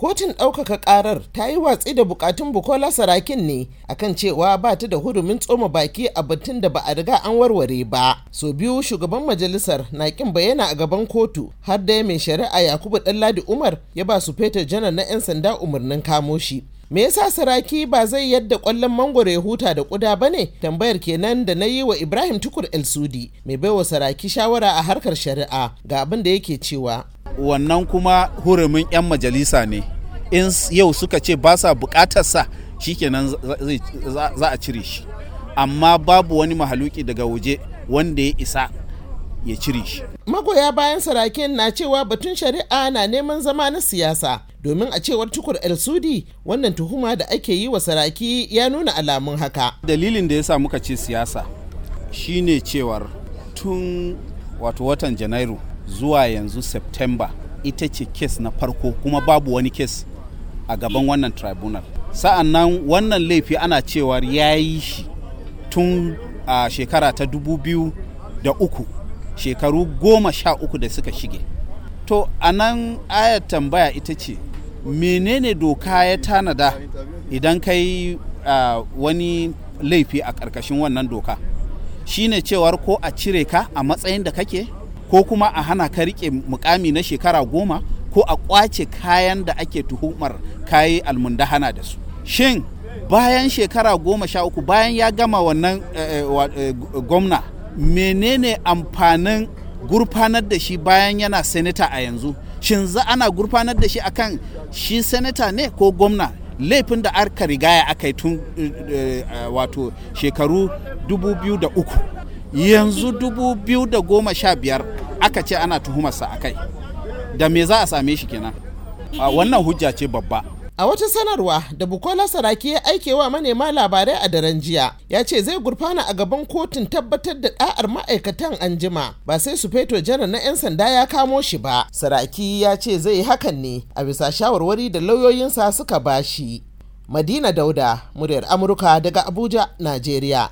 kotun ɗaukaka ƙarar ta yi watsi da bukatun bukola sarakin ne a kan cewa ba ta da hurumin tsoma baki a batun da ba a riga an warware ba so biyu shugaban majalisar na kin bayyana a gaban kotu har da mai shari'a yakubu ɗanladi umar ya ba su fetur janar na 'yan sanda umarnin kamo shi me yasa saraki ba zai yadda kwallon mangoro ya huta da kuda ba ne tambayar kenan da na yi wa ibrahim tukur el sudi mai baiwa saraki shawara a harkar shari'a ga abin da yake cewa wannan kuma hurumin 'yan majalisa ne in yau suka ce ba sa bukatarsa shikenan za a cire shi amma babu wani mahaluki daga waje wanda ya isa ya cire shi magoya bayan sarakin na cewa batun shari'a na neman zama na siyasa domin a cewar tukur el sudi wannan tuhuma da ake yi wa saraki ya nuna alamun haka dalilin da ya sa muka ce siyasa shine cewar tun wato watan janairu zuwa yanzu september ita ce kes na farko kuma babu wani kes a gaban wannan tribunal sa'an nan wannan laifi ana cewar ya yi shi tun a shekara ta dubu biyu da uku shekaru goma sha uku da suka shige to a nan ayar tambaya ita ce menene doka ya tanada idan kai uh, wani laifi a ƙarƙashin wannan doka shine cewar ko a cire ka a matsayin da kake ko kuma a hana ka riƙe mukami na shekara goma ko a kwace kayan da ake tuhumar kayi almundahana da su shin bayan shekara goma sha uku bayan ya gama wannan eh, eh, eh, gwamna menene amfanin gurfanar da shi bayan yana senata a yanzu shin za ana gurfanar da shi akan shi senator ne ko gwamna laifin da aka rigaya aka yi tun wato shekaru 2003 yanzu 2015 aka ce ana tuhumarsa a kai da me za a same shi kenan wannan hujja ce babba a wata sanarwa da bukola saraki ya aike wa manema labarai a daren jiya ya ce zai gurfana a gaban kotun tabbatar da da'ar ma'aikatan anjima ba sai su feto janar na 'yan sanda ya kamo shi ba saraki ya ce zai yi hakan ne a bisa shawarwari da lauyoyinsa suka bashi madina dauda muryar amurka daga abuja najeriya